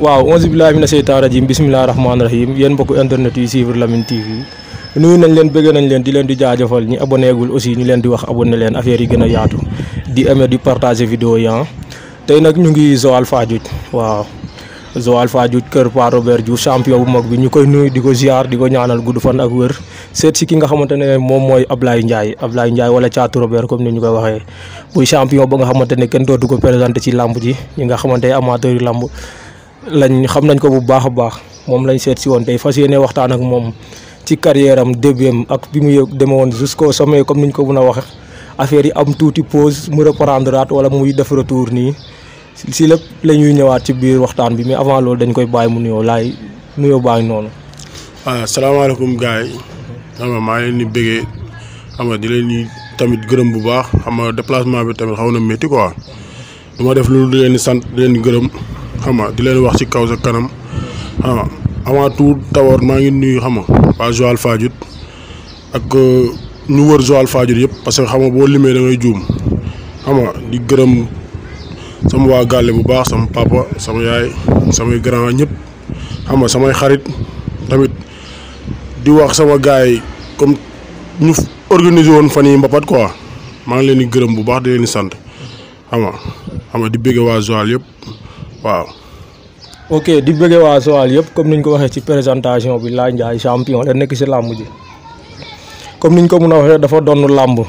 waaw onze billahi mina seytaan rajim bisimilah rahmaani rahim yéen mbokku internet yi suivre Lamyn TV nuyu nañ leen bëgg nañ leen di leen di jaajëfal ñi abonégul aussi ñu leen di wax abonné leen affaire yi gën a yaatu di aimer di partager vidéo yi ah. tey nag ñu ngi Joal Fadiouth waaw Joal Fadiouth kër Pa Robert Diouf champion bu mag bi ñu koy nuyu di ko ziar di ko ñaanal gudd fan ak wër seet si ki nga xamante ne moom mooy Ablaye Ndiaye Ablaye Ndiaye wala Caatu Robert comme ni ñu koy waxee muy champion ba nga xamante ne kenn dootu ko ci làmb ji ñi nga xamante amateur làmb lañ xam nañ ko bu baax a baax moom lañ seet si woon tey fas yéene waxtaan ak moom ci carrière am début ak bi mu demee woon jusqu'au sommet comme ni niñ ko mën a waxe affaire yi am tuuti pause mu reprendre aat wala muy def retour nii si lépp la ñuy ñëwaat ci biir waxtaan bi mais avant loolu dañ koy bàyyi mu nuyoo laay nuyoo baa ngi noonu. waaw ah, salaamaaleykum gars yi xam nga maa leen di bëggee xam nga di leen di tamit gërëm bu baax xam nga déplacement bi tamit xaw na métti quoi du ma def loolu xam di leen wax ci kaw sa kanam xam nga avant tout d'abord maa ngi nuyu xam nga waa Joal Fadiouth ak euh, ñu wër Joal Fadiouth yëpp parce que xam nga boo da ngay juum xam di gërëm sama waa gàlle bu baax sama papa sama yaay samay grand ñëpp xam nga samay xarit tamit di wax sama gaay comme ñu organiser woon fan yi mbapat quoi maa ngi leen di gërëm bu baax di leen di sant xam nga xam di bëgg waa Joal yëpp waaw. ok di bëggee waa Joal yëpp comme ni ñu ko waxee ci présentation bi Laye Ndiaye champion la nekk si làmb ji comme ni ñu ko mën a waxee dafa doon làmb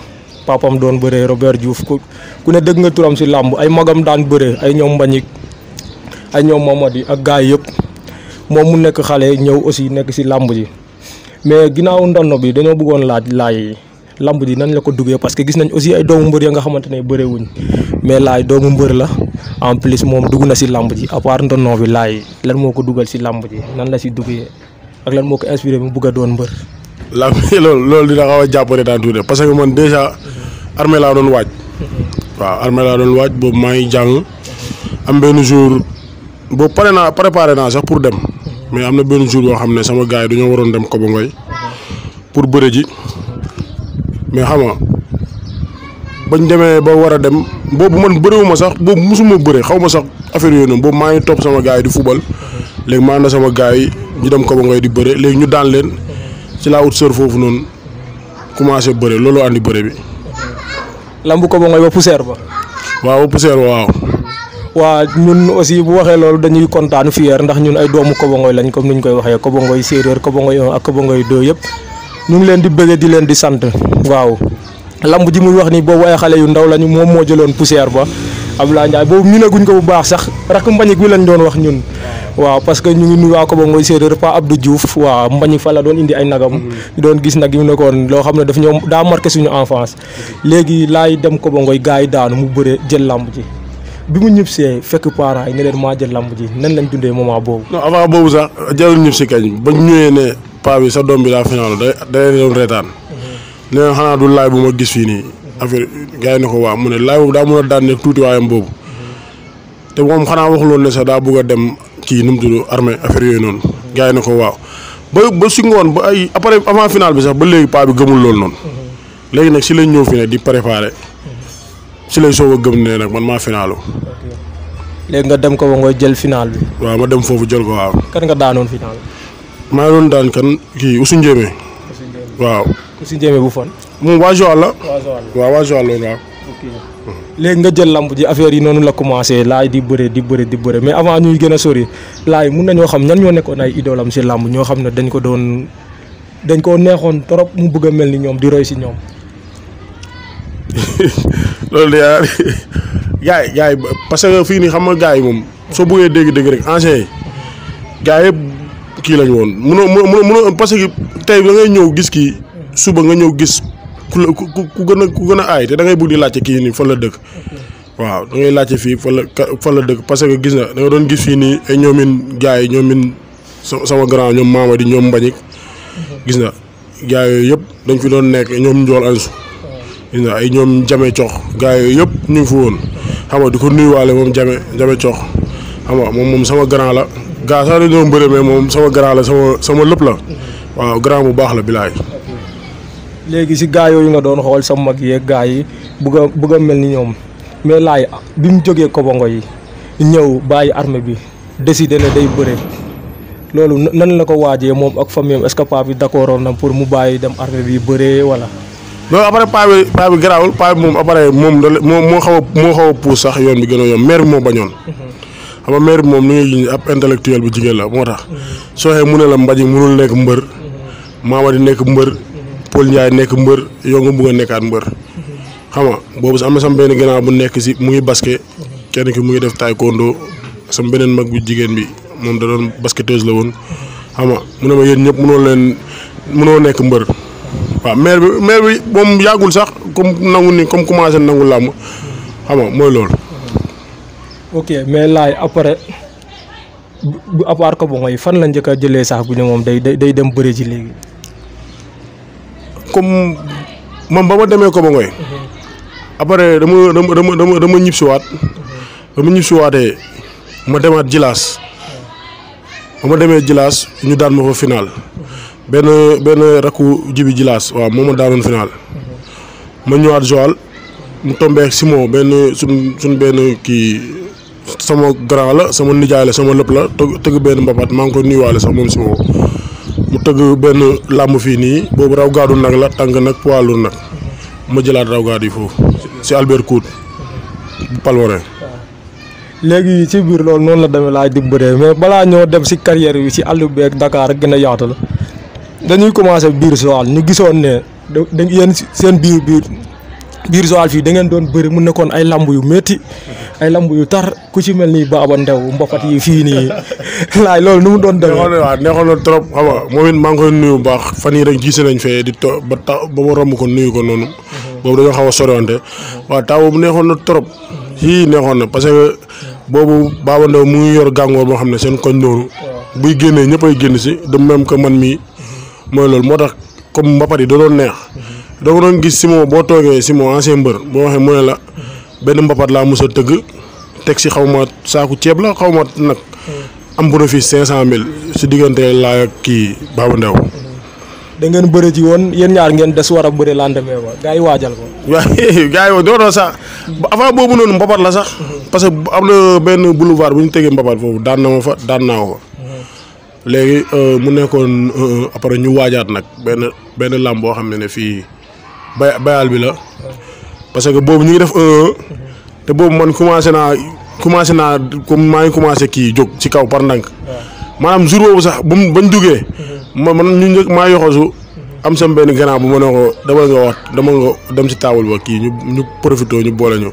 papam doon bëree Robert Diouf ku ku ne dëgg nga turam si làmb ay magam daan bëree ay ñoom Mbagnick ay ñoom Mamadi ak gaay yëpp moom mu nekk xale ñëw aussi nekk ci làmb ji mais ginnaaw ndono bi dañoo bëggoon laaj laay làmb ji nañ la ko duggee parce que gis nañ aussi ay doomu mbër ya nga xamante ne bëree mais laay doomu mbër la. en plus moom dugg na si làmb ji à ndono bi laay lan moo ko dugal si làmb ji nan la si duggee ak lan moo ko inspiré mu bugg a doon mbër. làmb loolu loolu dina xaw a jàppale daan tuuti parce que man déjà armée laa doon waaj. waaw armée laa doon waaj boobu maa ngi jàng am benn jour boobu pare naa préparé naa sax pour dem mais am na benn jour boo xam ne sama gars yi dañoo waroon dem Kobo Ngoy pour bëre ji mais xam bañ demee ba war a dem. boobu man bëriwuma sax bo musuma bëre xaw ma sax affaire yoonu noonu ma ngi top sama gaay di fubal leg ma na sama gaay ñu dem ko ngoy di beure leg ñu dal leen ci la ut sœur fofu non commencé beure looloo andi beure bi. lambu ko ba ngoy ba pousser ba. waaw pousser waaw. wa ñun aussi bu waxe loolu dañuy contane fier ndax ñun ay doomu kobongoy lañ comme nuñ koy waxee kobongoy séeréer kobongoy 1 ak kobongoy do yëpp ñu ngi leen di beugé di leen di sante waaw lamb ji muy wax ni boobu ay xale yu ndaw lañu moom moo jëloon poussière ba Abdoulaye Ndiaye boobu miinaguñ ko bu baax sax rak mbañik wi lañ doon wax ñun waaw parce que ñu ngi nuyu waa ko ba ngoy séeréer pa Abdou Diouf waaw mbañik fa la doon indi ay nagam mm-hmm. ñu doon gis nag yu nekkoon loo xam ne daf ñoo daa marqué suñu enfance mm-hmm. léegi laay dem ko ba ngoy gars yi daanu mu bëre jël lamb ji bi mu ñëb fekk parents yi ne leen maa jël lamb ji nan lañ dundee moment boobu non avant boobu sax jarul ñëb si kañ ba ñëwee ne pa bi sa doom bi daa final da leen doon reetaan neen xanaa du laay bu ma gis fii ko waaw mu ne laay boobu daa mën tuuti waayam boobu te moom xanaa waxuloon ne sax daa bëgg a kii nu mu tudd affaire yooyu noonu gars ko waaw ba ba si ba ay après avant bi sax ba léegi paa bi gëmul noonu léegi nag si lañ ñëw fi ne di préparé si lay soog a gëm ne nag man maa finaalu léegi nga dem ko ba nga jël final bi waaw ma dem foofu jël ko waaw kan nga daanoon final maa ngi doon daan kan kii Ousseynou Ndiémé waaw Moussi Ndiémé bu Fon. moom waa Joal la. waa Joal la waaw waa Joal la waaw. ok mhm. léegi nga jël lamb ji affaire yi noonu la commencé laay di bëre di bëre di bëre mais avant ñuy gën a sori laay mun nañoo xam ñan ñoo nekkoon ay idoolam si làmb ñoo xam ne dañ ko doon dañ koo neexoon trop mu bëgg a mel ni ñoom di roy si ñoom. loolu yaa gars yi gars yi parce que fii nii xam nga gars yi moom soo bëggee dégg-dégg rek anciens yi yëpp kii lañu woon mënoo mënoo mënoo parce que tey da ngay ñëw gis suba nga ñëw gis ku la ku ku gën a ku gën a aay te da ngay bugg di laajte kii nii fan la dëkk. waaw da ngay laajte fii fan la fan la dëkk parce que gis na da doon gis fii nii ay ñoomin gars yi ñoomin sama grand ñoom Mamadi ñoom Mbañik. na gars yooyu yëpp dañ fi doon nekk ñoom Njool Ansu. ay ñoom Jame Cox gars yooyu yëpp ñu fi woon xam nga di ko nuyuwaale moom Jame Jame Cox xam nga moom sama grand la. gaa sax dañoo mbëre mais moom sama grand la sama sama la waaw grand bu baax la bilaay léegi si gaa yooyu nga doon xool sa mag yeeg gaa yi bëgg a bëgg mel ni ñoom mais laay bi mu jógee kobongo yi ñëw bàyyi armée bi décidé ne day bëre loolu nan la ko waajee moom ak famille est-ce que paa bi na pour mu bàyyi dem armée bi bëree wala. loolu après paa bi paa bi garaawul paa bi moom après moom moo moo xaw moo xaw a sax yoon bi gën a yomb maire bi moo bañoon. Mhm. xam nga bi moom ni ngi ab intellectuel bu jigéen la moo tax. Mhm. soo xee la mbaji mënul nekk mbër. Mhm. maa Paul Ndiaye nekk mbër yow nga bëgg a nekkaat mbër xam boobu sax am na sama benn gànnaaw bu nekk si mu ngi basket kenn ki mu ngi def taekwondo sama beneen mag bu jigéen bi moom da doon basketteuse la woon xam nga mu ne ma yéen ñëpp mënoo leen mënoo nekk mbër waaw maire bi maire bi moom yàggul sax comme nangu ni comme commencé nangu làmb xam nga mooy loolu. ok mais laay après bu à part ko bu mooy fan la njëkk a jëlee sax bu ne moom day day dem bëri ci léegi. comme moom ba ma demee ko ba ngoy après dama dama dama dama ñib siwaat ba ma demaat jilaas ba ma demee jilaas ñu daan ma fa final benn benn rakku jibi jilaas waaw moo ma daanoon final ma ñëwaat joil mu tombé ak Simon benn suñ suñ benn kii sama grand la sama nijaay la sama lépp la tëgg benn mbapat maa ngi ko nuyuwaale sax moom Simon mu tëgg benn làmb fii nii boobu raw gaadu nag la tàng nag poids lourd nag ma jëlaat raw gaadu yi foofu si Albert Cout bu Palmarin léegi ci biir loolu noonu la demee laaj di bëree mais balaa ñoo dem si carrière bi si àll beeg Dakar ak gën a la dañuy commencé biir Joal ñu gisoon ne da yéen seen biir biir biir Joal fii da ngeen doon bëri mu nekkoon ay làmb yu metti ay lamb yu tar ku ci mel nii Baaba Ndew mbopat yi fii nii laay loolu nu mu doon demee. neexoon na trop xam moom it maa koy nuyu baax fan yii rek gisee nañ fee di to ba ta ba ma romb ko nuyu ko noonu. boobu dañoo xaw a soriwante. waaw taw boobu neexoon na trop. yii neexoon na parce que boobu Baaba Ndew mu ngi yor gàngoor boo xam ne seen koñ noonu. buy génnee ñëppay génn si de même que man mii mooy loolu moo tax comme mbapat yi da doon neex. gis si moom boo toogee si moom ancien mbër boo waxee mu la. benn mbapat laa mos a tëgg teg si xaw ma saaku ceeb la xaw ma nag. am fii cinq cent mille si diggante laa ak kii Baba Ndew. da ngeen bëri ci woon yéen ñaar ngeen des war a bëri lendemain ba gars yi waajal ko. waaye gars yi doo doo sax avant boobu noonu mbapat la sax. parce que am na benn boulevard bu ñu tegee mbapat foofu daan na fa daan naa fa. léegi euh, mu nekkoon euh, après ñu waajaat nag benn benn làmb boo xam ne ne fii bay bi la. parce que boobu ñu ngi def un te boobu man commencé naa commencé naa comme maa ngi commencé kii jóg ci kaw par ndànk. maanaam jour boobu sax ba mu bañ duggee. ma man ñu njëkk maa yoxosu am sam benn gànnaaw bu ma ne ko dama nga wax dama nga dem si taabal ba kii ñu ñu profité ñu boole ñu.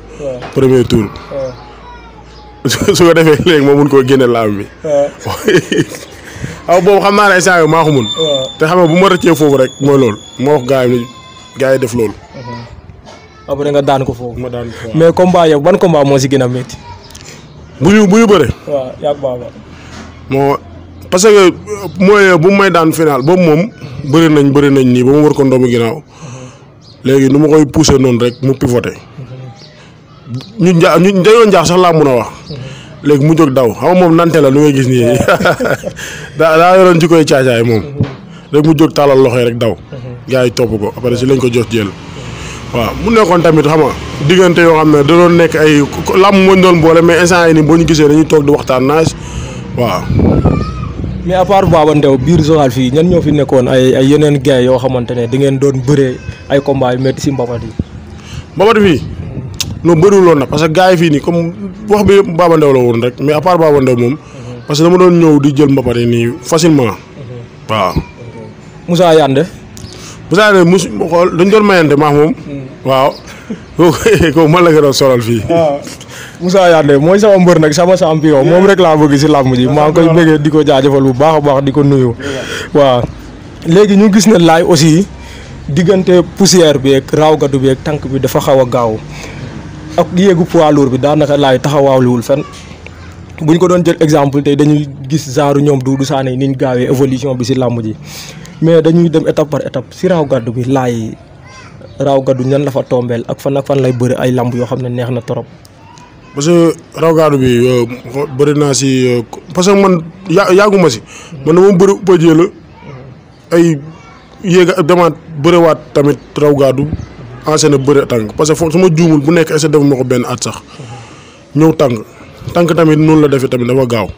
premier tour. su ko defee léegi ma mun koo génnee laam bi. aw boobu xam naa ne ay saa yu maa ko mun. te xam nga bu ma rëccee foofu rek mooy loolu moo wax gaa yi gars yi def loolu. Mm-hmm. après nga daan ko foofu. ma daan mais combat yow ban combat moo si gën a métti. bu ñu bu ñu bëre. waaw yaa moo parce que euh, mooy bu may daan final boobu moom bëri nañ bëri nañ nii ba mu war ko ndomu ginnaaw léegi nu ma koy poussé noonu rek mu pivoté ñu njaa ñu dañoo njaax sax laa mun a wax. léegi mu jóg daw xam nga moom nante la lu ngay gis nii daa daa yoroon si koy caacaay moom rek mu jóg taalal loxo rek daw. gars yi topp ko après si lañ ko jox jël. waaw mu nekkoon tamit xam nga diggante yoo xam ne da doon nekk ay làmb moo ñu doon boole mais instant yi nii boo ñu gisee dañuy toog di waxtaan naaj waaw. mais à part Baba Ndew biir Joal fii ñan ñoo fi nekkoon ay ay yeneen gaay yoo xamante ne di ngeen doon bëree ay combat yu métti si mbabat yi. mbabat fii non bëriwuloon na parce que gars yi fii nii comme wax bi Baba Ndew la woon rek mais à part Baba moom. parce que dama doon ñëw di jël mbabat yi nii facilement. Mhm. waaw. Moussa Yande. Moussa Ndoye mosu xool dañ doon mayante maax moom. waaw kooku man la ko doon solal fii. waaw Moussa Yandé mooy sama mbër nag sama champion moom rek laa bëgg si làmb ji maa ngi koy bëggee di ko jaajëfal bu baax baax di ko nuyu. waaw léegi ñu gis ne laay aussi diggante pussière bi ak raawgadu bi ak tànk bi dafa xaw a gaaw ak yéegu poids lourd bi daanaka laay taxawaawliwul fenn. bu ñu ko doon jël exemple tey dañuy gis genre ñoom Doudou Sané ni ñu gaawee évolution bi si làmb ji mais dañuy dem étape par étape si raw gaddu bi lay raw gaddu ñan la fa tomber ak fan ak fan lay bëri ay lamb yo xamne neex na torop parce que raw gaddu bi euh, bëri na si euh, parce que man yaaguma ci man dama bëri ba la ay dama demaat bëriwaat tamit raw gaddu ancienne bëri tang parce que suma ma bu nekk essa def mako ben at sax ñëw tang tànk tamit non la defee tamit dafa gaaw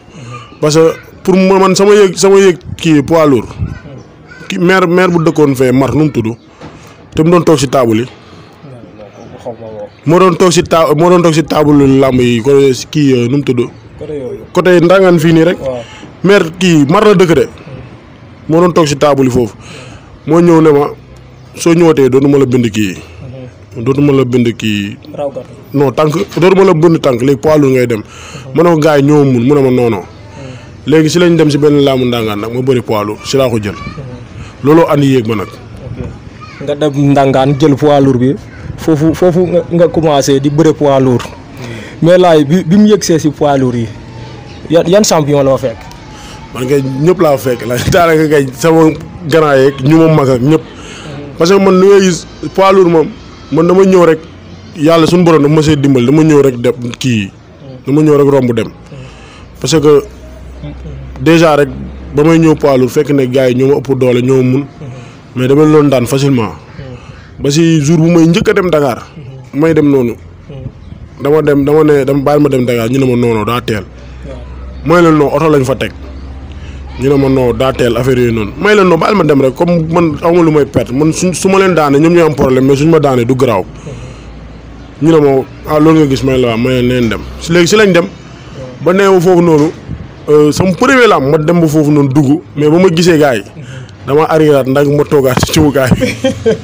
parce que pour man sama yëg sama yëg ki poids lourd ki maire maire bu dëkkoon fee mar nu mu tudd te mu don toog si taabul yi moo doon toog si taa moo doon toog si taabul làmb yi ko kii euh, nu mu tudd côté ndangaan fii nii rek maire ki mar la dëkk de hmm. moo doon toog si taabul yi foofu moo ñëw ne ma soo ñëwatee dootuma la bind kii hmm. dootuma la bind kii non tànk dootuma la bind tànk léegi poids ngay dem hmm. ma ne ko gars mun mu ne ma noonoo léegi si lañ dem si benn laamu ndangaan nag ma bëri poids si laa ko jël lolo ani yéeg ma nak nga dem ndangan jël poids lourd bi fofu fofu nga commencé di bëre poids lourd hmm. mais lay bi bi mu yëgsee ci poids lourd yi yan champion la ma fekk. man nga ñëpp la fekk la dara nga kay sama grand yeeg ñuma mag ak ñëpp hmm. parce que man li ngay poids lourd mom man dama ñëw rek yalla suñu borom dama see dimbal dama ñëw rek dem ki hmm. dama ñëw rek rombu dem parce que déjà rek. ba may ñëw poids lourd fekk ne gars yi ñoo ma ëpp doole ñoo mun. mais dama loon daan facilement. ba si jour bu may njëkk dem Dakar. may dem noonu. dama dem dama ne dama ma dem Dakar ñu ne ma noonu daa teel. may leen noo fa teg. ñu ne ma noo daa teel affaire noonu may leen noo baal ma dem rek comme man awma lu may perte man suñ su ma daane ñoom ñooy suñ daane du garaaw. ñu ne ma ah loolu nga gis may la waa may leen dem si léegi si lañ dem. ba neewu foofu noonu. Euh, sama premier lam ma dem ba foofu noonu dugg mais ba ma gisee gaa yi dama arriéraat ndax ma toogaat ci ciw gars yi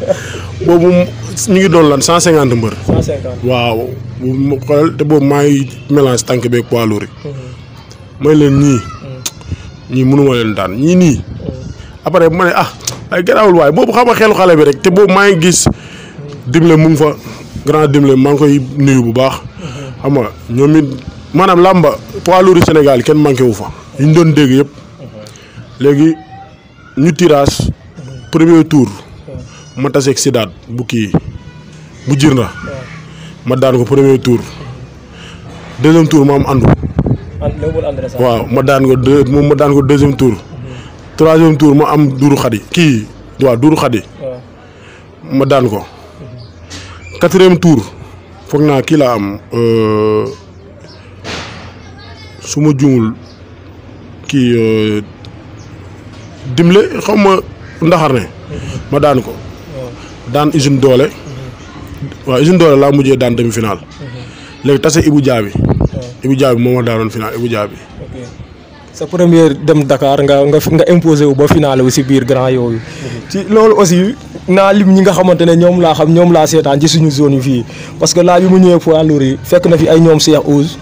boobu ñu ngi doon lan cent cinquante mbër. cent cinquante waaw bu ma xoolal te boobu maa ngi mélange tànk beeg poids lourd mm-hmm. may leen ñii. Mm-hmm. ñii mënuma leen daan ñii nii. Mm-hmm. après bu ma ne ah ay garaawul waaye boobu xam xelu xale bi rek te boobu maa ngi gis. dimle mu ngi fa grand dimle maa ngi koy nuyu bu baax. xam nga maanaam làmba poids lourds Sénégal kenn manqué wu fa ñu doon dégg yëpp léegi ñu tirage premier tour ma taseeg Sidaat bu kii bu jir na ma daan ko premier tour deuxième tour ma am andu waaw ma daan ko moom ma daan ko deuxième tour troisième tour ma am duuru xadi kii waa duuru xadi ma daan ko quatrième tour foog naa kii laa am euh, su ma juumul kii euh, dimle xaw ma ndaxar ne ma daan ko daan usine doole waaw usine doole laa mujjee daan demi final léegi tase Ibou Diaby Ibou Diaby moom ma daanoon final Ibou Diaby sa première dem Dakar nga nga nga imposé wu ba finale wu si biir grand yooyu. ci loolu aussi naa lim ñi nga xamante ne ñoom laa xam ñoom laa seetaan ci suñu zone yi fii parce que laa bi mu ñëwee poids lourd fekk na fi ay ñoom Cheikh Ouz.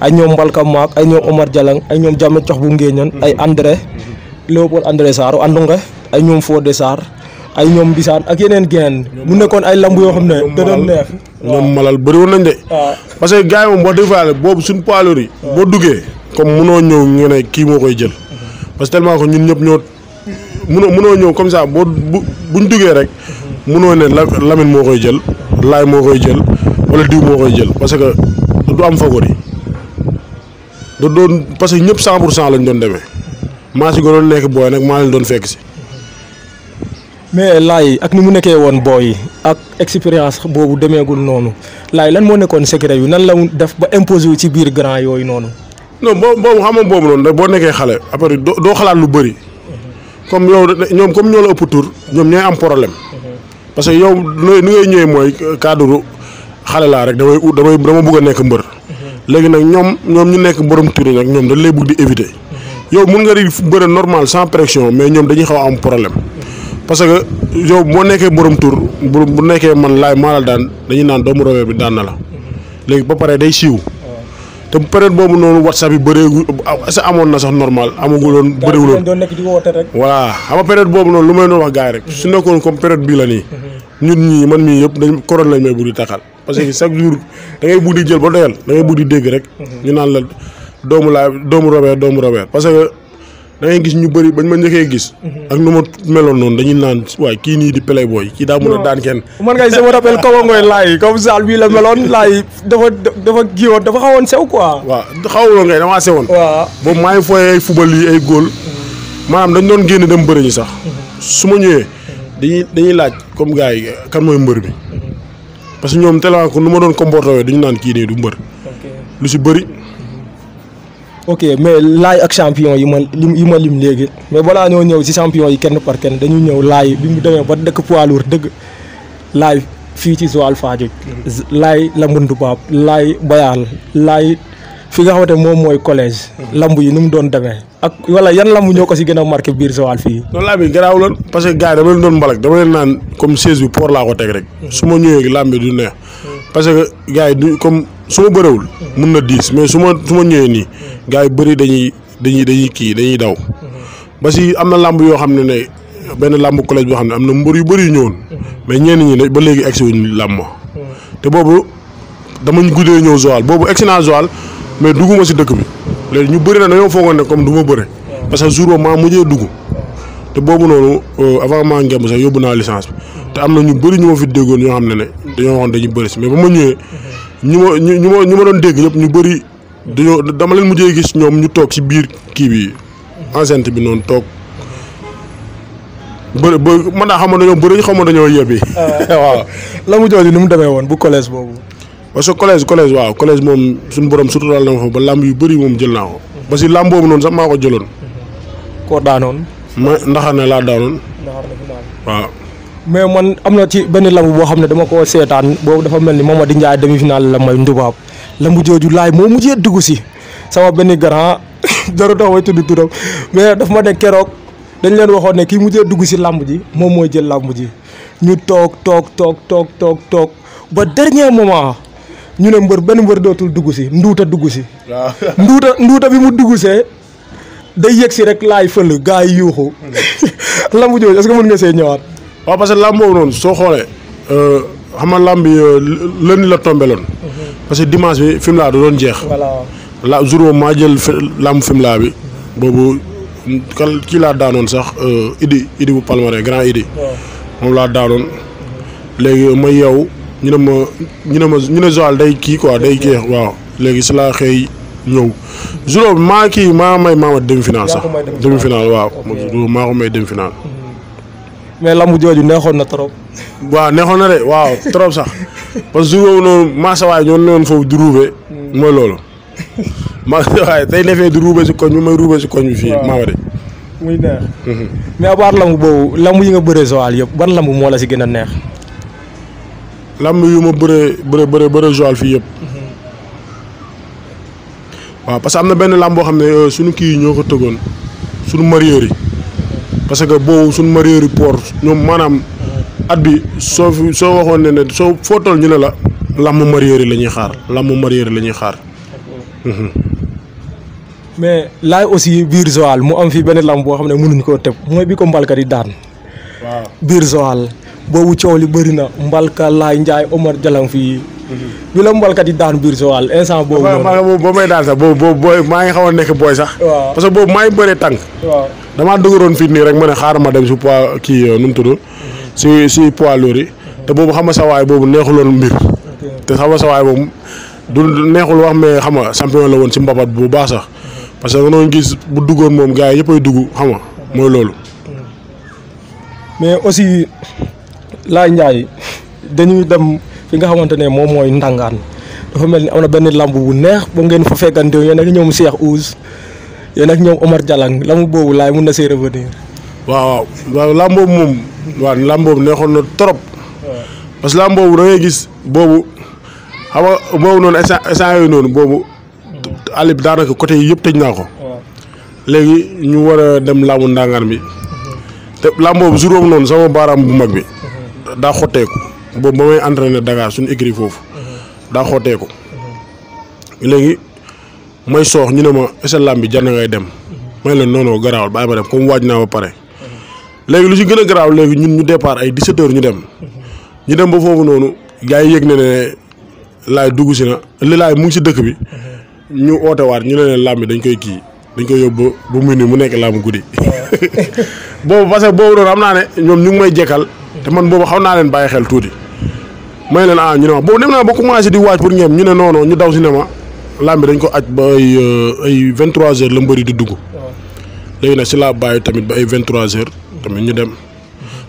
ay ñoom Mbalka Maak ay ñoom Omar Jalang ay ñoom Jamme Cox bu Ngéeñan mm-hmm. ay André mm-hmm. Léopold André Sarr o Andunga ay ñoom Fodé Sarr ay ñoom bisaan ak yeneen geneen mu nekkoon ay lamb yoo xam ne da doon neex ñoom malal bëri woon nañ de ah. parce que gars yi moom wax dëgg boobu suñ poileur yi ah. boo duggee comme mënoo ñëw nga kii moo koy jël mm-hmm. parce que ko ñun ñëpp ñoo mënoo mënoo ñëw comme bu bu ñu duggee rek mënoo ne Lamine moo koy jël Laay moo koy jël wala diw moo koy jël parce que du am favori da doon parce que ñëpp 100 pour cent lañ doon demee maa si gënoon nekk booy nag maa doon fekk si. mais laay ak ni mu nekkee woon booy ak expérience boobu demeegul noonu laay lan moo nekkoon secret yu nan la mu def ba imposé wu ci biir grand yooyu noonu. non boobu boobu xam nga boobu noonu boo nekkee xale après doo xalaat lu bëri comme yow ñoom comme ñoo la ëpp tur ñoom ñooy am problème parce que yow ni ngay ñëwee mooy euh, cadre xale laa rek damay damay dama bëgg a nekk mbër. léegi nag ñoom ñoom ñu nekk borom Touré nag ñoom dañ lay bëgg di éviter yow mun nga di bëre normal sans pression mais ñoom dañuy xaw am problème parce que yow boo nekkee borom tur bu bu nekkee man laay maa la daan dañu naan doomu Robert bi daan na la léegi ba pare day siiw te période boobu noonu whatsapp yi bëreegu sa amoon na sax normal amaguloon bëreewuloon waa xam nga période boobu noonu lu may doon wax gars yi rek su nekkoon comme période bii la nii ñun ñii man mii yëpp dañ koroon lañ may bëgg di parce que chaque jour da ngay bugg di jël ba doyal da ngay bugg di dégg rek. Mhm. ñu naan la doomu laa doomu Robert doomu Robert parce que da ngay gis ñu bëri bañ ma njëkkee gis. Mhm. ak nu ma meloon noonu dañuy naan waaye kii nii di booy kii daa mën a daan kenn. man ngay sama rappel kaw ngoy laay comme saal bii la meloon laay dafa dafa jiwoon dafa xawoon sew quoi. waaw xawuloo ngay damaa sewoon. waaw boobu maa ngi fooyee ay fubal yi ay góol. Mhm. maanaam dañu doon génn dem bëri ñi sax. su ma ñëwee. dañuy dañuy laaj comme gars yi kan mooy mbër bi. parce que ñoom tellement que nu ma doon comporté woo duñu naan kii nii du mbër. lu si bëri. ok mais laay ak champion yi ma lim ma lim léegi mais balaa ñoo ñëw si champion yi kenn par kenn dañu ñëw laay bi mu demee ba dëkk poids lourd dëgg laay fii ci Joal alfaaj mm-hmm. laay Lamboundou Pape laay Bayal laay. fi nga xamante moom mooy collège. làmb yi ni mu doon demee ak wala yan lamb ñoo ko si gën a marqué biir Joal fii. loolu laa bi garaaw loon parce que gars yi dama leen doon mbalak dama leen naan comme siège bi port laa ko teg rek. Mm-hmm. su ma ñëwee lamb yi du neex. Mm-hmm. parce que gars yi du comme su ma bëriwul. Mm-hmm. mun na diis mais su ma su ma ñëwee nii. gars yi bëri dañuy dañuy dañuy kii dañuy daw. ba si am na lamb yoo xam ne ne benn lamb collège boo xam ne am na mbër yu bëri yu ñëwoon. mais ñenn ñi ba léegi egsi wuñu làmb te boobu damañ guddee ñëw Joal boobu egsi naa Joal mais duguma ci dëkk bi léegi ñu bëri na dañoo fogon ne comme duma ma bëre parce que jouro ma mu mujjee dugg té bobu nonu euh, avant ma ngëm sax yobuna licence bi té amna ñu bëri ñu fi déggoon ñoo xamné né dañoo xon dañu bëri mais bama ma ñu ma ñu ma ñu ma doon dégg ñëp ñu bëri dañoo dama leen mujjé gis ñom ñu tok ci biir ki bi enceinte bi non tok bëri ba man daa xam ne dañoo bëri xamone dañoo yebbi. waaw la mu jooju ni mu démé won bu collège bobu parce que collège collège waaw collège moom suñu borom suturaal na fa ba lamb yu bëri moom jël naa ko mhm. ba si lamb boobu noonu sax maa ko jëloon mhm. koo daanoon ma ndaxar ne laa daanoon waaw mais man am ci benn lamb boo xam dama koo seetaan boobu dafa mel ni Mamadi Ndiaye demi final la may ndubaab lamb jooju laay moo mujjee dugg si sama benn grand dara tax way tudd turam mais daf ma ne keroog dañ leen waxoon ne kii mujjee dugg si lamb ji moom mooy jël lamb ji ñu toog toog toog toog toog toog ba dernier moment ñu ne mbër benn mbër dootul dugg si nduuta dugg si. waaw nduuta bi mu dugg see day yëg si rek laay fël gars yi yuuxu. Hmm. lamb jooju est-ce que nga see ñëwaat. waaw parce que lamb noonu soo xoolee. Euh, xam nga lamb bi euh, lundi la tombé loon. Hmm. parce que dimanche bi film laa doon jeex. voilà la jour boobu maa jël lamb film laa bi. boobu kan kii laa daanoon sax euh, Idi Idi bu Palmarin grand Idi. moom laa daanoon léegi ma yeewu. ñu ne ma ñu ne ma ñu ne Joal day kii quoi day kii waaw léegi si laa xëy ñëw juróom maa kii maa may maa ma demi final sax demi final waaw maa ko may demi final. Mm-hmm. mais lambu jooju neexoon na trop. waaw neexoon na waaw trop sax parce que juróom noonu maasawaay ñoo newoon di ruube mm. mooy loolu maasawaay tey defee di ruube si koñ bi may ruube si koñ bi fii maa de. Mm-hmm. mais à part boobu lambu yi nga bëree Joal yëpp ban lambu moo la si gën a neex. làmb yu ma bëree bëree bëree bëree Joal fii yëpp. waaw parce que am na benn làmb boo xam ne euh, suñu kii ñoo ko tëggoon suñu marieurs parce que boobu suñu marieurs yi port ñoom maanaam. at bi soo fi soo waxoon ne ne soo foo toll ñu ne la làmb marieurs yi xaar làmb marieurs yi la ñuy xaar. Mhm. mais laay aussi biir Joal mu am fi benn làmb boo xam ne mënuñ koo tëb mooy bi ko mbalkat yi daan. waaw biir Joal. boobu coow li bëri na mbalka lay njay Omar Jalang fi mhm. bi la mbalka di daan biir sowal instant boobu noonu bo may daan sa bo bo boy ma ngi xaw nek boy sax parce que boobu may beure tank dama waaw fi ni rek mané xaar ma dem si poa ki euh, nu tudu tudd mhm. si si poids lourd mhm. te bobu xama sa way bobu neexulon mbir te xama sa way bobu du neexul wax me xama champion la won ci mbabat bu ba sax parce que non gis bu dugon mom gaay yi yëppay xama moy nga mais aussi laay njaay dañuy dem fi nga xamante ne moom mooy ndàngaan dafa mel ni am na benn làmb bu neex ba ngeen fa fekkante yéen ak ñoom Cheikh Ouz yéen ak ñoom Omar Jalang lamb boobu laay mun na see revenir. waaw waaw lamb boobu moom waaw lamb neexoon na trop. parce que lamb boobu gis boobu xam nga boobu noonu instant instant yooyu noonu boobu. àll daanaka côté yi yëpp tëj naa ko. léegi ñu war a dem lambu ndàngaan bi. te lamb boobu jour boobu noonu sama baaraam bu mag bi. daa xotteeku boobu ba may entraîné Dakar suñu écrit foofu daa ko léegi may soox ñu ne ma est lam bi jar na ngay dem may leen noonu garaawal bàyyi ma dem comme waaj naa ba pare léegi lu ci gën garaaw léegi ñun ñu départ ay 17 ñu dem ñu dem ba foofu noonu gars yi yëg ne ne laay dugg si na li laay mu ngi si dëkk bi ñu waat ñu ne leen bi dañ koy kii dañ koy yóbbu ba muy nii mu nekk làmb guddi boobu parce boobu noonu am naa ne ñoom ñu may jekkal te man bobu xawna len baye xel touti may len ah ñu ne ma demna ba commencé di waaj pour ñem ñu né non non ñu daw si lambi dañ ko acc ba ay euh, ay 23h le mbeuri di dugg. léegi nag ci la baye tamit ba ay 23h tamit ñu dem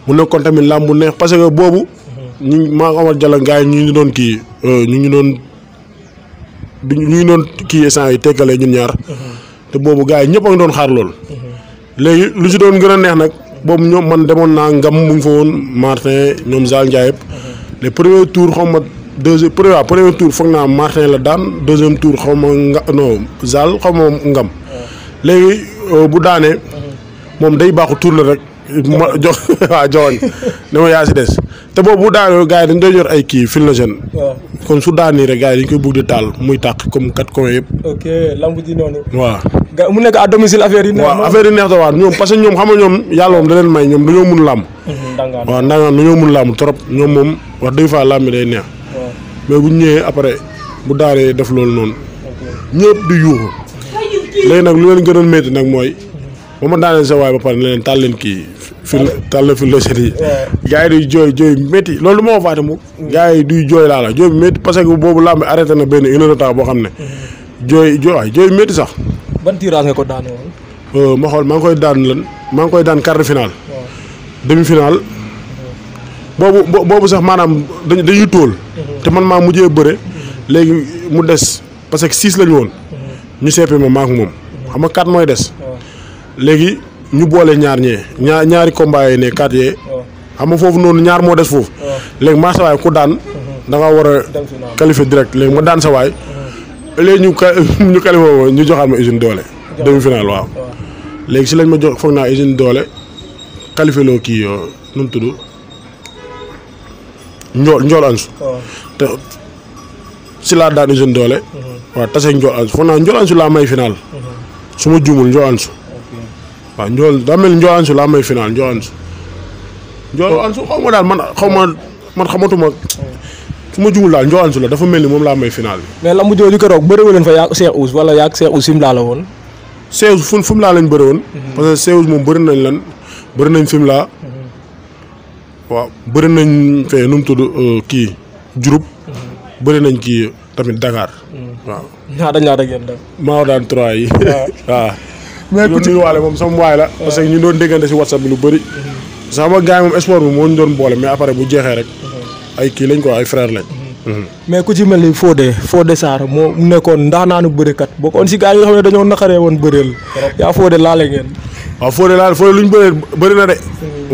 mu kon tamit lambu neex parce que bobu ñu ma ngi amal jala gaay yi ñu ngi ki kii euh, ñu ngi doon ñu ngi ki kii essence yi tekkalee ñun ñaar. te bobu gaay ñepp nga don xaar lool. légui lu ci don gëna neex nak boobu ñoom man demoon naa ngam mu ngi fa woon Martin ñoom Zal Ndiaye yëpp les premier tour xaw ma deuxième premier premier tour foog naa Martin la daan deuxième tour xaw ma nga non Zal xaw ma ngam léegi euh, bu daanee mhm. moom day baaxu tour la rek. ma jox waaw joxoon ne ma yaa si des te boobu bu daanoo gars yi dañ doon yor ay kii filogène. waaw kon su daanee rek yi dañ koy bugg di taal muy tàq comme quatre coins yëpp. ok mu nekk à domicile affaire yi. waaw affaire yi neex na waaw ñoom parce que ñoom xam nga ñoom yàlla moom da leen may ñoom dañoo mun làmb. Mhm, ndangaan waaw ndangaan dañoo mun làmb trop ñoom moom wax dëgg fa làmb day neex. mais bu ñëwee après bu daanee def loolu noonu. ñëpp di yuuxu. léegi nag lu leen gënoon métti nag mooy. ma daaneel sa waay ba pare ne leen tàll leen kii fil tàll leen fil la set yi gars yi duy jooy jooy métti loolu du ma ko fàtte mu mm. gars yi duy jooy laa boobu mm. ko daan woon euh, ma xool koy daan lan maa ngi koy daan quart de finale demi finale boobu boobu sax maanaam dañuy tóol mm-hmm. te man maa mujjee bëre mm-hmm. léegi mu des parce que six la ñu woon mm-hmm. ñu seepe ma maak moom xam nga quatre mooy des léegi ñu boole ñaar ñee ñaar ñaari combat yi ne quatre yee. Oh. xam nga foofu noonu ñaar moo des foofu. Oh. léegi maa sa waay ku daan. Mhm. da war a qualifier direct léegi ma daan sa waay. Mhm. léegi ñu ka ñu qualifié ñu joxaat ma usine doole. demi final waaw. Oh. léegi si lañ ma jox foog naa usine doole qualifié loo kii yoo euh, nu mu tudd njool njool ansu. te si laa daan usine doole. Mhm. waaw tase njool ansu foog naa njool ansu laa may final. su ma juumul njool ansu. waaw Ndiol daa mel ni Ndiol Ansu laa may final Ndiol Ansu. Oh. xaw ma ma xamatuma su ma jugul daal la dafa mel ni moom laa may final bi. mais lambu jooju keroog bëriwu leen fa yàgg Cheikh Ous wala yàgg Cheikh Ous fi laa la woon. Cheikh Ous fu fu mu laa lañ bëri mhm. parce que Cheikh Ous moom bëri nañ lan bëri nañ fi mu laa. Mhm. waaw bëri nañ fee nu tudd euh, kii Diouroup. Mhm. bëri nañ kii tamit Dakar. waaw. daan trois yi. waaw. mais ku ci nuyuwaale moom sama waay la. parce que ñu doon déggante si whatsapp bi lu bëri. Mhm. sama gars yi moom sport bi moo ñu doon boole mais après bu jeexee rek. Mhm. ay kii lañ ko ay frère lañ. Mhm. mais ku ci mel ni Fodé Fodé Sarr moo nekkoon ndax ndaanaanu bërikat bokkoon si gars yi nga xam ne dañoo naqaree woon bëreel. yaa Fodé laale ngeen. waaw Fodé laale Fodé lu bëree bëri na de.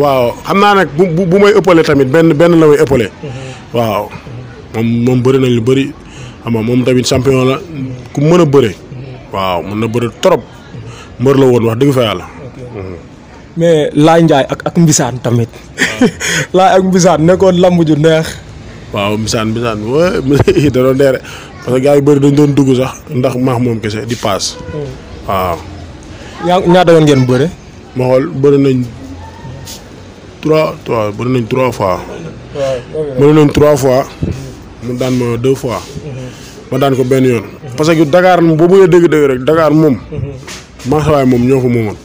waaw xam naa nag bu bu may ëppale tamit benn benn la may ëppale. waaw moom moom bëri lu bëri xam moom tamit champion la ku mën a bëre. waaw mën na bëri trop. mbër la woon wax dëgg fa yàlla. Mhm. mais Laay Njaay ak ak Mbisaan tamit. Laay ak Mbisaan nekkoon lamb ju neex. waaw Mbisaan Mbisaan da doon deere parce que gars yu bëri dañ dugg sax ndax maax moom kese di paas. Hmm. waaw. yaa ñaata yoon ngeen bëre. ma xool bëri fois. bëri nañ trois fois. mu hmm. daan ma deux fois. Hmm. ma daan ko benn yoon. parce que Dakar muy dëgg-dëgg rek Dakar moom. maaxawaay moom ñoo ko moomoon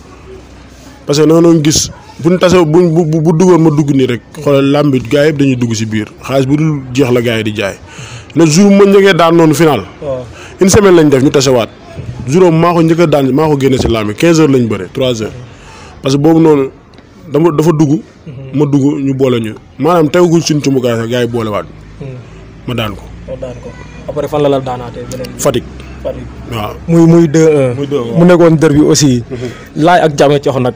parce que noonu gis buñ tase bu bu bu duggoon ma dugg nii rek xoolal làmbi gaa yëpp dañuy dugg si biir xaalis bu dul jeex la gaa yi di jaay le jour ma njëkkee daan noonu final. une semaine lañ def ñu tasewaat juróom maa ko njëkk daan maa ko génne si làmbi 15 heures lañ bëre 3 heures parce que boobu noonu dama dafa dugg. Mhm. ma dugg ñu boole ñu maanaam tegaguñ suñ cumbukaay sax gaa yi boolewaat. Mhm. ma daan ko. ma daan ko après fan la la daanaatee waaw muy muy 2-1. mu nekkoon dër bi aussi. Mm-hmm. laay ak jàmm cox nag.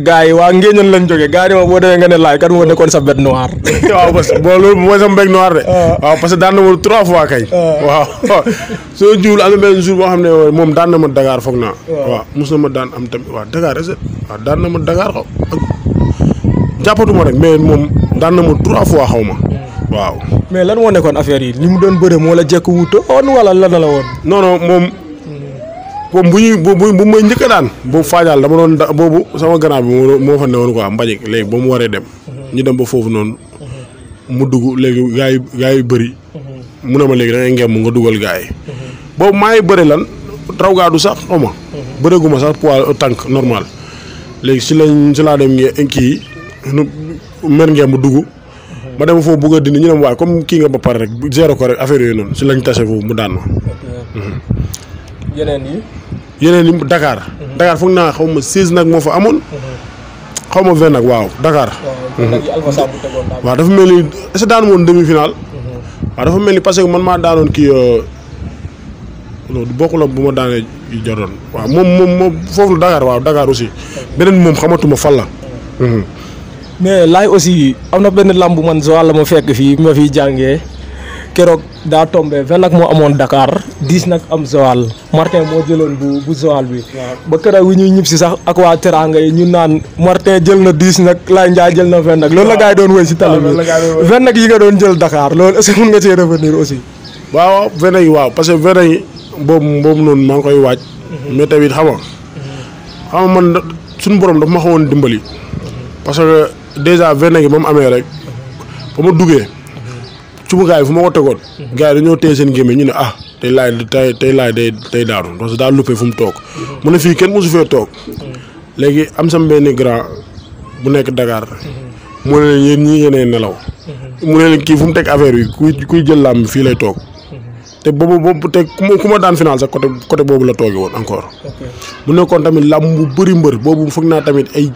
gaa yi waa Ngéeñoon lañ jógee gaa yi ma boo demee nga ne laay kan moo nekkoon sa bête noire. waaw parce que loolu mooy sama bête noire de. Ah. waaw parce que daan na ma trois fois kay. Ah. waaw soo jiwul am na benn jour boo xam ne moom daan na ma Dakar foog naa. Ah. waaw mos na ma daan am tamit waa Dakar est waaw daan na ma Dakar xaw jàppatuma rek mais moom daan na ma trois fois xaw ma. waaw mais lan moo nekkoon affaire yi li mu doon bëre moo la jekk wuute woon oh, wala lan la woon non non moom moom bu ñuy bu bu may njëkk daan boobu faajaal dama doon da sama grand bi mo fa newoon quoi mbajik léegi ba mu waree dem ñu dem ba foofu noonu mu dugg léegi gaa yi gaa mu ne ma léegi da ngay ngem nga dugal gaa yi boobu maa ngi bëri lan raw gaa du sax xaw ma bëreeguma sax poids euh, tànk normal léegi si lañ si laa dem kii mer ngeen mu dugg ba dem fo bëgg dindi ñu ne waaye comme ki nga ba par rek zéro ko rek affaire yu noonu ci lañu tassé fo mu daan ma. yeneen yi. yeneen yi Dakar. Mhm. Dakar fu na xawma 16 nak mo fa amul mhm. xawma 20 nak waaw Dakar. wa dafa mel ni daan woon demi final. Mhm. wa dafa mel ni parce que man ma daanon ki loolu euh, bokkul ak bu ma daanee jotoon waaw mom moom moom Dakar wa Dakar aussi beneen moom xamatuma fal la. hmm mais laay aussi am na benn làmb man Joal la ma fekk fii ma fiy jànge keroog daa tombé venn nag moo amoon dakaar dix nag am Joal Martin moo jëloon bu bu Joal bi. ba keroog wi ñuy ñib si sax ak waa teraanga yi ñu naan Martin jël na dix nag Laye Ndiaye jël na vingt nag. loolu la gars yi doon wéy si tali bi vingt nag yi nga doon jël Dakar loolu est-ce mun nga cee revenir aussi. waaw vingt yi waaw parce que vingt yi boobu boobu noonu maa ngi koy waaj. Mhm. mais tamit xam mhm. man suñu borom dafa ma dimbali. Mhm. dèjà vingt gi ba mu amee rek ba ma duggee cubukaay bi fu ma ko tegoon. gars yi dañoo téye seen gémmiñ ñu ne ah tey laay tey tey laay day day daanu parce que daa luppee fu mu toog. mu fii kenn mosu fee toog. am sama benn nekk Dakar. mu ne leen yéen nelaw. mu kii fu mu teg affaire bi kuy kuy jël làmb fii lay toog. te boobu boobu te ku ma daan final sax côté côté boobu la toogee woon encore. mu nekkoon tamit làmb bu bëri mbër boobu foog naa tamit ay.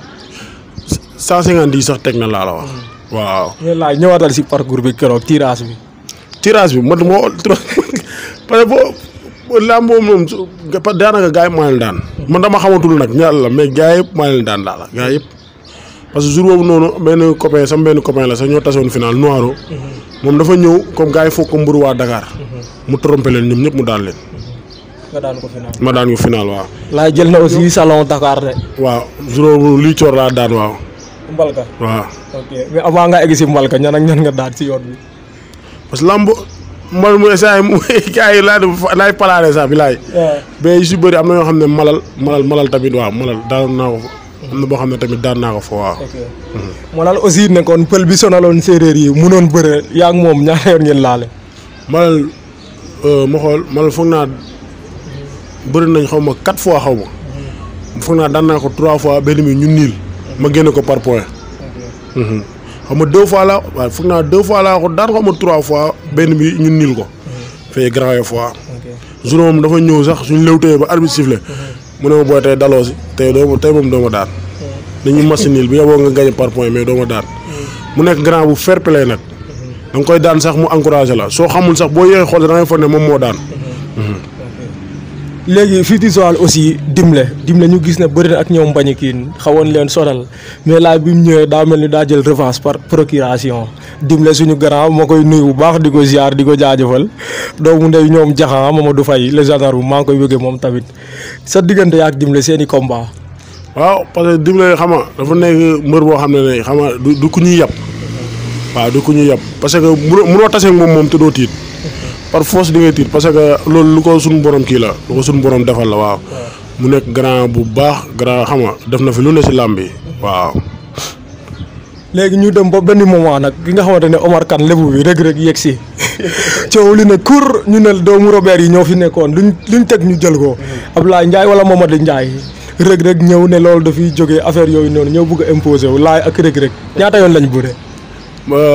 150 sax teg na laa la wax hmm. waaw yéen ya, laaj ñëwaatal si parcours bi keroog tirage bi tirage bi man moo parce que boo làmb moom daanaka gars yi maa leen daan man dama xamatul nag ñaar la mais gars yëpp maa leen daan laa la gars yëpp parce que jour boobu noonu benn copain sama benn copain la ñoo final noiro hmm. moom dafa ñëw comme gars yi ko mburu Dakar hmm. mu trompé leen ñoom ñëpp mu daan leen nga daan ko final ma daan ko final waaw laa jël na aussi salon Dakar de wa jour boobu laa waaw Mbalka waaw. ok a avant nga egg si Mbalka ñan ak ñan nga daal si yoon bi. parce que lamb mbal mu saa yi gars yi laaj laaj palaare sax bi laaj. waaw yu si bëri am na ñoo xam ne malal malal malal tamit waaw malal daanoon naa ko boo xam ne tamit daan naa ko fa waaw. ok mhm. malal aussi ne kon pël séeréer yi munoon bëre yaa ngi moom ñaata yoon ngeen laale. Euh, ma xool malal foog naa bëri nañ xaw ma quatre fois xaw ma. Mhm. foog naa daan naa ko trois fois benn bi ñu niil. ma génne ko par point. Mhm. xam nga deux fois la waaye foog naa deux fois laa ko daan xaw trois fois benn bi ñun niil ko. Mhm. fay grand yooyu fois. jour moom dafa ñëw sax suñu lewtee ba arbitre mhm. mu ne ma booy tey daloo si tey doo tey moom doo ma daan. dañuy machine niil bi yaboo nga gagné par point mais doo daan. mu nekk grand bu fair play nag. da koy daan sax mu encouragé la soo xamul sax boo yéexee xool da ngay foog moom moo daan. léegi fii di Joal aussi Dimle Dimle ñu gis ne bëri na ak ñoom bañ kii xawoon leen sonal mais laaj bi mu ñëwee daa mel ni daa jël revanche par procuration Dimle suñu grand moo koy nuyu bu baax di ko ziar di ko jaajëfal doomu ndey ñoom jaxaa Mamadou Faye le gendarme maa ngi koy bëggee moom tamit sa diggante ak Dimle seen i combat. waaw parce que Dimle xam nga dafa nekk mbër boo xam ne ne xam nga du ku ñuy yab waaw du ku ñuy yab parce que mënoo mënoo tase ak moom moom te par force di nga tiit parce que loolu lu ko suñu borom kii la lu ko suñu borom defal la waaw. mu nekk grand bu baax grand xam nga def na fi lu ne si làmb bi waaw. léegi ñu dem ba benn moment nag ki nga xamante ne Omar kan lébu bi Reug Reug yegg si coow li ne kur ñu ne doomu Robert yi ñoo fi nekkoon luñ luñ teg ñu jël ko. Mm-hmm. Abdoulaye Ndiaye wala Mamadou Ndiaye Reug Reug ñëw ne loolu dafiy jóge affaire yooyu noonu ñëw bëgg a wu laay ak Reug Reug ñaata yoon lañu bëre.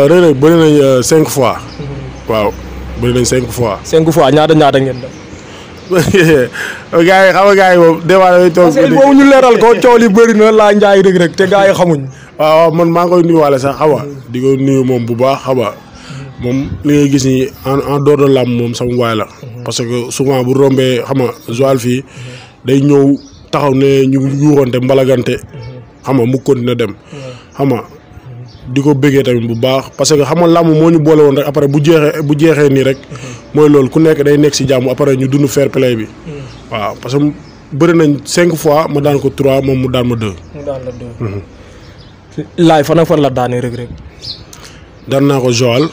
Reug Reug bëri nañ euh, cinq fois. Mm-hmm. waaw. bëri nañ cinq fois. cinq fois ñaata ñaata ngeen def. gars yi xam nga yi moom des fois dañuy toog. boobu ko li bëri na laa njaay rek rek te gars yi xamuñ. waaw man maa ngi koy nuyuwaale sax xam di ko nuyu moom bu baax xam moom li ngay gis nii en en dehors de moom sama waay la. parce que souvent bu rombee xam nga Joal fii day ñëw taxaw ne ñu yuuxante mbalagante xam nga mu dem xam di ko bëggee tamit bu baax parce que xam nga làmb moo ñu boole woon rek après bu jeexee bu jeexee nii rek. Mhm. mooy loolu ku nekk day nekk si jàmm après ñu dund fair play bi. Mhm. waaw parce que bëri nañ cinq fois ma daan ko trois moom mu daan ma deux. la deux. Mhm. laay fan fan la daanee rek rek. daan naa ko Joal.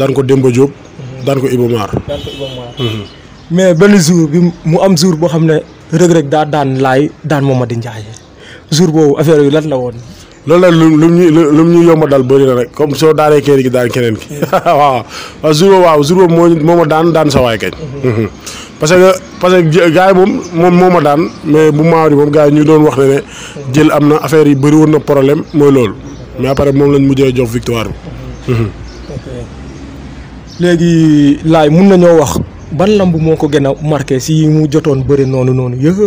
daan ko Demba Diop. daan ko Iba Mar. mais benn jour bi mu am jour boo xam ne rëg-rëg daa daan laay daan Mamadi Ndiaye jour boobu affaire yu lan la woon. loolu nag lu mu ñu lu mu ñu yomb dal bëri na rek comme soo daanee kenn gi daan keneen ki hmm. waaw waaw jour waaw jour boobu moo moo ma daan daan sa waay kañ. Hmm. Hmm. parce que parce que gars yi moom moom moo ma daan mais bu maaw di moom gars ñu doon wax ne ne jël am na affaire yi bëri woon na problème mooy loolu mais après moom lañ mujjee jox victoire bi. léegi laay mun nañoo wax ban lamb moo ko gën a marqué si mu jotoon bëri noonu noonu yëpp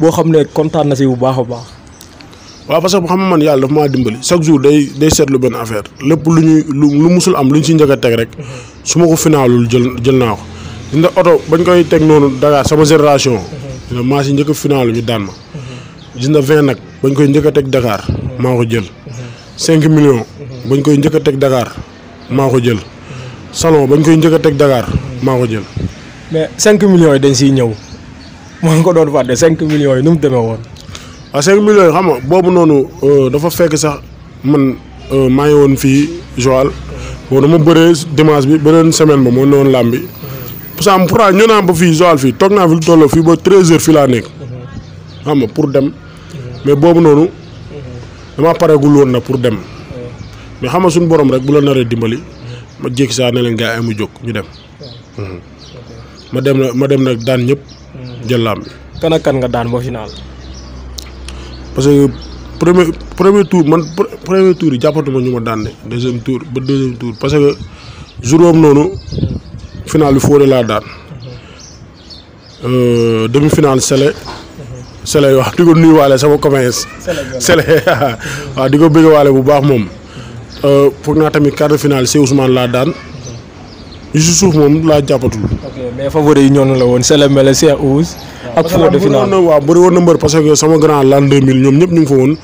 boo xam ne kontaan na si bu baax a baax. waaw parce que xam nga man yàlla dafa maa dimbali chaque jour day day seetlu benn affaire lépp lu ñuy lu lu musul am lu ñu si a teg rek su ma ko finaalul jël jël naa ko dina oto bañ koy teg noonu Dakar sama génération dina si njëkk a finaalu ñu daan ma gis nag bañ koy njëkk a teg Dakar maa ko jël cinq koy njëkk a teg Dakar maa ko jël salon bañ koy njëkk teg Dakar maa ko jël mais dañ siy ñëw maa ngi ko doon fàtte nu mu demee woon a cinq millions xam nga boobu noonu euh, dafa fekk sax man euh, maa ngi Joal bon dama bëree dimanche bi beneen semaine ba moo non làmb pour parce que pourtant ñu naa ba fii Joal fii toog naa fi lu tolloo fii ba treize heures fii laa nekk xam nga pour dem mais boobu noonu damaa pareegul woon na pour dem mais xam nga suñu borom rek bu la naree dimbali ma jékki saa ne leen gars yi mu ñu dem hmm. Hmm. ma dem ma dem nag daan ñëpp jël làmb kan ak kan nga daan final parce que premier premier tour man premier tour yi jàppatuma ñu ma daan deuxième tour ba deuxième tour parce que jour boobu noonu final bi Fodé laa daan euh, demi final Sele. Sele wax di ko nuyuwaale sama commerce. Sele waaw di ko bëgg waale bu baax moom. Euh, foog naa tamit quart de finale Sey laa daan. Youssouf Souf moom laa jàppatul. ok mais favori yi ñoonu la woon Sele Mele Cheikh ak Fodé de final waaw bëri woon na mbër parce que sama grand l'an 2000 ñoom ñëpp ñu ngi fa woon.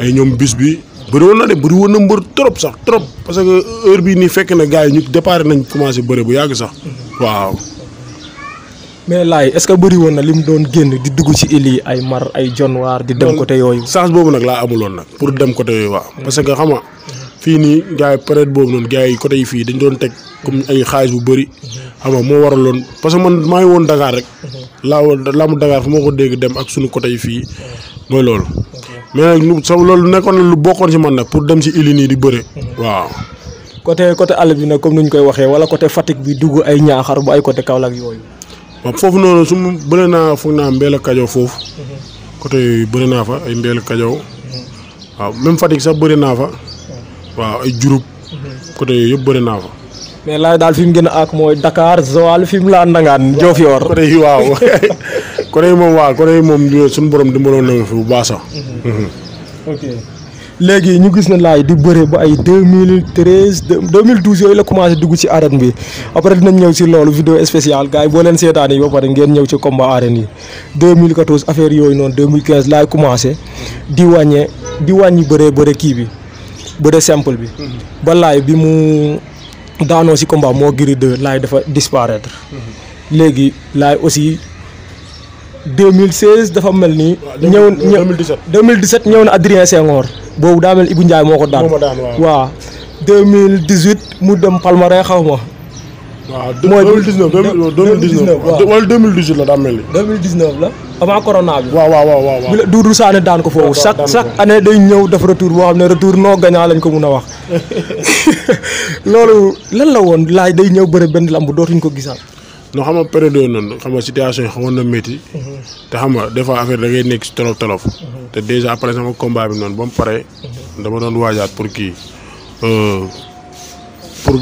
ay ñoom bis bi. bëri woon na de bëri woon na un trop sax trop parce que heure bii nii fekk na gars yi ñu départ nañ commencé bëre bu yàgg sax. waaw. mais laay est ce que bëri woon na li doon génn di dugg ci île ay mar ay di dem côté pour dem côté parce que fini gaay gars bobu non gaay yi côté yi fi dañ doon tek comme ay xaalis bu beuri xam mo waralon parce que man ngi Dakar rek la mu Dakar fuma ko deg dem ak suñu côté yi fi moy lool mais nak nu sa lool nekkoon lu bokkon ci man nak pour dem ci ilini di beure waaw côté côté bi nak comme nuñ koy wala côté Fatik bi duggu ay ñaaxar bu ay côté kaolak yooyu waaw fofu noonu su mu bëre naa foog naa mbeel a kajow mhm. côté fa ay a mhm. waaw même fatik sax fa waaw ay Diouroup. Mhm. côté yooyu yëpp bëri naa fa. mais laay daal fi mu gën a àgg mooy Dakar Joal fi mu laa nangaan Diofior. côté yi waaw côté yi moom waaw côté yi moom suñu borom di na fi bu baax sax. Mhm. Mhm. ok léegi ñu gis na laay di bëre ba ay deux mille treize deux mille douze yooyu la commencé dugg ci arène bi après dinañ ñëw si loolu vidéo spéciale gars yi boo leen seetaan yi pare ngeen ñëw ci combat arène yi deux mille quatorze affaire yooyu noonu deux mille quinze laay commencé di wàññee di wàññi bëree bëre kii bi. ba dee simple bi. Mhm. ba laay bi mu daanoo si combat moo giri de laay dafa disparaître. Mhm. léegi laay aussi 2016 dafa mel ni. ñëw 2017 2017 ñëw na Adrien Senghor. boobu daa mel Ibou Ndiaye moo ko daan. waaw 2018 mu dem Palmarin xaw ma. waaw mooy 2019 2019 waaw wala 2018 la daa mel ni. 2019 la avant corona bi. waaw la Doudou daan ko foofu chaque chaque année day ñëw def retour boo xam ne retour non gagnant lañ ko mun a wax loolu lan la woon laaj day ñëw bëre benn lamb dootuñ ko gisaat. non xam nga période yooyu noonu xam nga situation yi xawoon na mhm. te xam nga des affaire da nekk si tolof tolof. Mhm. te dèjà après sama combat bi noonu ba mu pare. Mhm. dama doon waajaat pour kii euh, pour.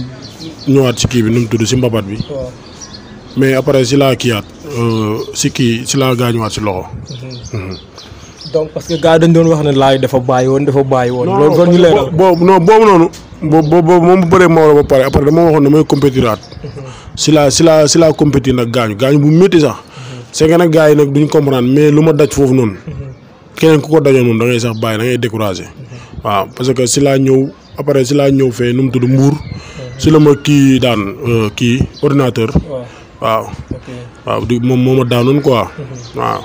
ñëwaat si kii bi nu mu tudd si mbabat bi. mais après si laa kiiwaat si euh, kii si laa gaañuwaat si loxo. Mhm. Mhm. donc parce que gars dañ doon wax ne laay dafa bàyyi woon dafa bàyyi woon. loolu kon ñu leeral boobu non boobu noonu. boobu boobu moom bu bëree a ba pare après dama waxoon ne mooy compétiraat. Mhm. si laa si laa compétir nag gaañu gaañu bu métti sax. c'est nag gars nag duñ comprendre mais lu ma daj foofu noonu. keneen ku ko dajoon noonu da ngay sax bàyyi da ngay découragé. waaw parce que si laa ñëw après si laa ñëw fee nu mu tudd Mbour. si la ma kii daan euh, kii ordinateur. waaw waaw moom moo ma daanoon quoi mhm. waaw.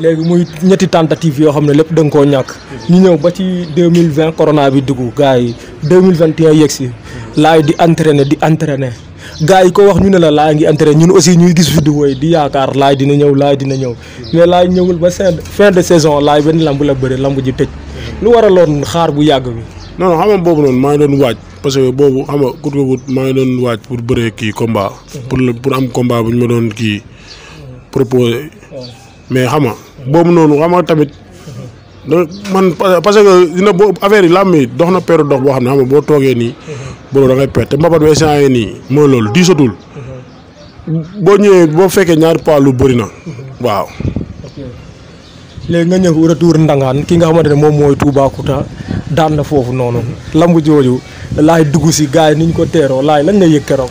léegi muy ñetti tentative yoo xam ne lépp da koo ñàkk ñu ñëw ba ci deux mille vingt corona bi dugg gars yi deux mille vingt et un yegg si laay di entraîné di entraîné gars yi ko wax ñu ne la laay ngi entraîné ñun aussi ñuy gis vidéo yi di yaakaar laay dina ñëw laay dina ñëw mais laay ñëwul ba fin fin de saison laay benn lamb la bëre lamb ji tëj lu waraloon xaar bu yàgg bi. non non xam nga boobu noonu maa ngi doon waaj parce que boobu xam nga kut ko kut maa ngi doon waaj pour bëree kii combat. pour pour am combat bu ñu ma doon kii proposé. mais xam nga boobu noonu xam nga tamit. man parce que dina boo affaire yi làmb yi dox na peeru dox boo xam ne xam boo toogee nii. boobu da ngay te mbapat bi saa nii mooy loolu diisatul. boo ñëwee boo fekkee ñaari poids lu bëri na. waaw. léegi nga ñëw retour Ndangaan ki nga xamante ne moom mooy Toubacouta daan na foofu noonu lamb jooju laay dugg si gars yi ni ñu ko teeroo laay lañ nga yëg keroog.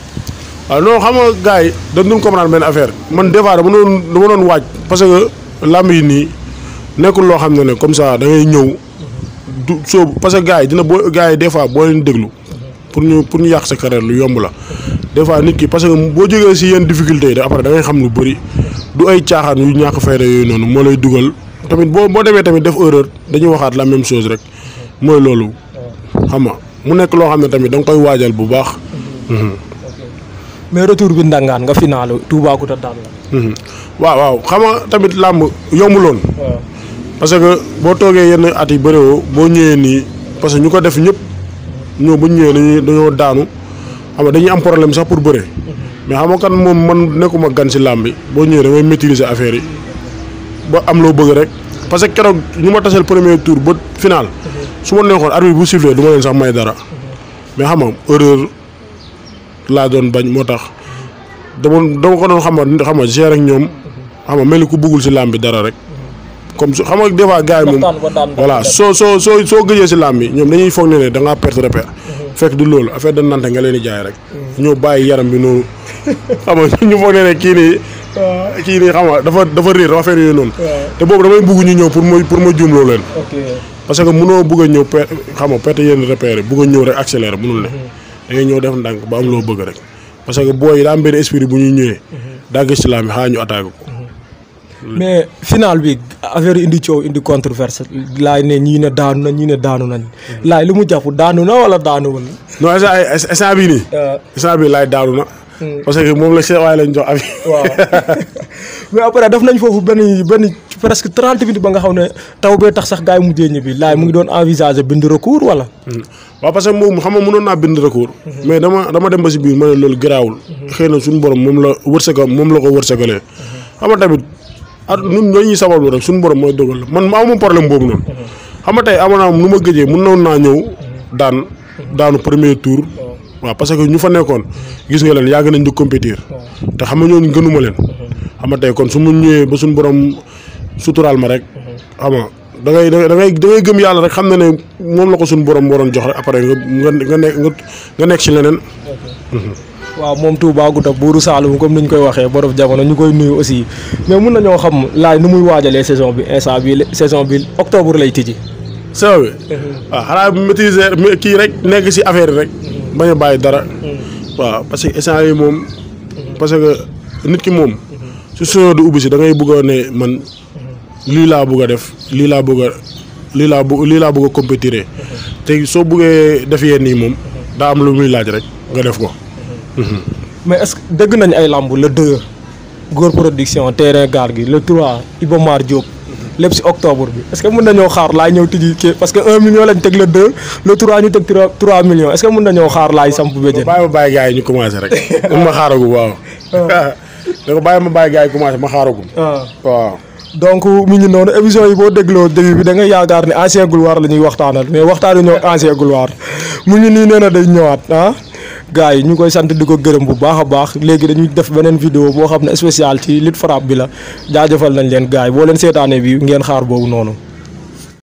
waaw ah, non xam nga gars yi dañ doon comprendre benn affaire man des fois dama doon dama doon waaj parce que lamb yi nii nekkul loo xam ne ne comme saa da ngay ñëw du soobu parce que gars yi dina boo gars yi des fois boo leen déglu pour ñu pour ñu yàq sa carrière lu yomb la des fois nit ki parce que boo jógee si yenn difficulté yi da après da ngay xam lu bëri du ay caaxaan yu ñàkk fayda yooyu noonu moo lay dugal. tamit bo bo demee tamit def erreur dañu waxat la même chose rek moy lolu xam nga mu nek lo xam tamit dang koy wadjal bu baax. Hmm. mais retour bi ndangan nga finaalu Toubacouta daan la. Hmm. waaw waaw xam nga tamit lamb yomulon parce que bo toogee yenn at yi bëriwoo boo ñëwee nii parce que ñuko def ñëpp ñoo bu ñu ñëwee dañuy dañoo daanu xam nga dañuy am problème sax pour bëre. mais xam nga kan mom man nekuma gan ci lamb bi boo ñëwee da ngay maîtriser affaire yi ba am lo bëgg rek parce que keroog ñu ma taseel premier tour ba final su ma neexoon arbitre bu sifflé du ma leen sax may dara mais xam nga laa doon bañ moo tax dama dama ko doon xam nga xam nga gérer ñoom xam nga mel ni ku bëggul si làmb bi dara rek. comme xam nga des fois yi moom voilà soo soo soo soo si làmb ñoom dañuy foog ne ne da perte repère mhm. fekk du loolu affaire da nante nga leen di jaay rek ñoo bàyyi yaram bi noonu xam ñu foog ne ne kii nii kii nii xam nga dafa dafa réer affaire yooyu noonu te boobu damay bugg ñu ñëw pour ma pour ma juumloo leen parce que mënoo bëgg ñëw pe xam nga perte yenn repère yi bëgg a ñëw rek accéléré mënul ne mhm. da ngay ñëw def ndànk ba am loo bëgg rek parce que booy daa am benn bu ñuy ñëwee mhm. daa gis ci làmb mais final bi affaire indi coow indi controverse laay ne ñii ne daanu na ñii ne daanu nañ. laay lu mu jàpp daanu na wala daanuwul. non instant instant bii nii. Euh. instant bii laay daanu na. Hmm. parce que moom la seewaay lañ jox abi. waaw mais après def nañ foofu benn benn presque trente minutes ba nga xam ne taw bee tax sax gars yi mujjee ñibbi laay mu ngi doon envisager bind recours wala. Hmm. waaw parce que moom xam nga mënoon naa bind recours. Hmm. mais dama dama dem ba si biir ma ne loolu garaawul. xëy na suñu borom moom la wërsëgam moom la ko wërsëgalee. xam nga tamit. at ñun ñooñuy sabablu rek suñu borom mooy dogal la man ma amoon problème boobu noonu. xam nga tey amoon nu ma gëjee mun noon naa ñëw daan daanu premier tour. waaw parce que ñu fa nekkoon gis nga leen yàgg nañ di compétir te xam ñooñu gënuma leen xam tey kon su ma ñëwee ba suñu borom suturaal ma rek xam nga da ngay da ngay da ngay gëm yàlla rek xam na ne moom la ko suñu borom waroon jox rek après nga nekk nga nekk ci leneen. Mhm. waaw moom Touba Gouta buuru Saloum comme ni ñu koy waxee borom jamono ñu koy nuyu aussi mais mun nañoo xam laaj nu muy waajalee saison bi instant bi saison bi octobre lay tijji. saison bi. waaw mhm. ah, xanaa maîtriser kii rek nekk si affaire rek. Mhm. bañ a bàyyi dara. Mhm. waaw parce que instant yi moom. parce que nit ki moom. su saison du ubbi si da ngay bëgg a ne man lii laa bëgg a def lii laa bëgg a lii laa bëgg lii laa bëgg a compétir te soo bëggee def yenn yi moom daa am lu muy laaj rek nga def ko. mais est que dégg nañ ay làmb la 2 góor production terrain gaar gi le 3 Iba Mar Diop. lépp si octobre bi est-ce que mën nañoo xaar laay ñëw tijji kii parce que 1 million lañ teg le 2 le 3 ñu teg 3 millions est-ce que mën xaar laay samp bëjën. bàyyi ma bàyyi gars yi ñu commencé rek. man ma xaaragu waaw. Ah. commencé ma xaaragu. Ah. waaw. donc mi ngi noonu émission yi boo dégloo début bi da yaakaar ne ancien gloire la ñuy waxtaanal mais waxtaanu ñoo ancien gloire mu ngi nii nee na day ñëwaat ah. gars yi ñu koy sant di ko gërëm bu baax a baax léegi dañuy def beneen vidéo boo xam ne spécial ci lutte frappe bi la jaajëfal nañ leen gars yi boo leen seetaanee bi ngeen xaar boobu noonu